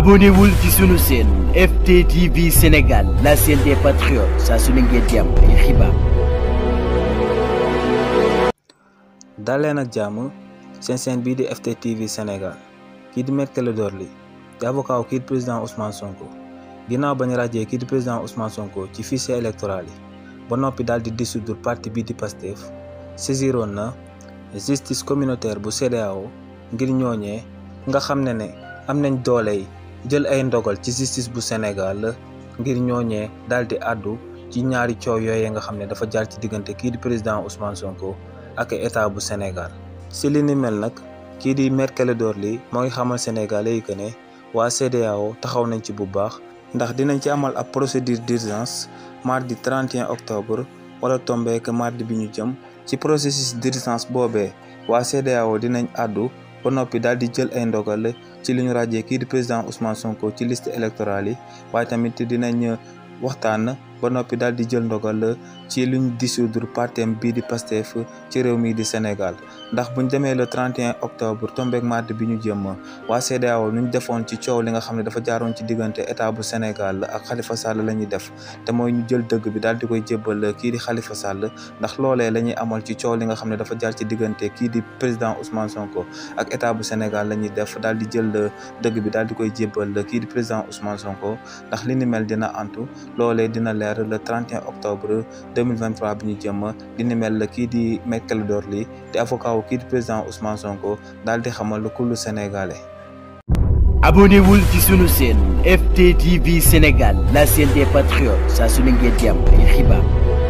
abonnez-vous ci sunu chaîne FTTV Sénégal la chaîne des patriotes saa su ne ngeen jàmm seen chaîne bii di FTTV senegal kii di Maître Clédor li di avocat kii président Ousmane Sonko ginnaaw ba ñu ràjjee kii président Ousmane Sonko ci fichier électoral yi ba noppi daal di dissoudre parti bii di PASTEF saisiroon na justice communautaire bu CEDEAO ngir ñooñee nga xam ne ne am nañ doole yi. jël ay ndogal ci justice bu Sénégal ngir ñooñee daal di àddu ci ñaari coow yooyee nga xam ne dafa jaar ci diggante kii di président Ousmane Sonko ak état bu Sénégal si li ni mel nag kii di Maître Clédor Ly moo ngi xamal Sénégalais yi que ne waa CEDEAO taxaw nañ ci bu baax ndax dinañ ci amal ab procédure d'urgence mardi 31 octobre wala tombeek mardi bi ñu jëm ci processus d'urgence boobee waa CEDEAO dinañ àddu ba noppi daal di jël ay ndogal ci li ñu ràjjee kii di président Ousmane Sonko ci liste électorale yi waaye tamit dinañ waxtaan ba noppi daal di jël ndogal ci luñ dissoudre partem bii di Pastef ci réew mii di Sénégal ndax buñ demee le 31 octobre tombeek mardi bi ñu jëm waa CEDEAO ñu defoon ci coow li nga xam ne dafa jaaroon ci diggante état bu Sénégal ak Khalifa Sall la ñuy def te mooy ñu jël dëgg bi daal di koy jébbal kii di Khalifa Sall ndax loolee la ñuy amal ci coow li nga xam ne dafa jaar ci diggante kii di président Ousmane Sonko ak état bu Sénégal la ñuy def daal di jël dëgg bi daal di koy jébbal kii di président Ousmane Sonko ndax Angleterre le 31 octobre 2023 bi ñu jëm di ni mel kii di Me Clédor Ly di avocat wu kii di président Ousmane Sonko daal di xamal lu kullu sénégalais. abonnewul ci sunu chaîne FTTV Sénégal la chaîne des patriotes saa su ne ngeen ay xibaar.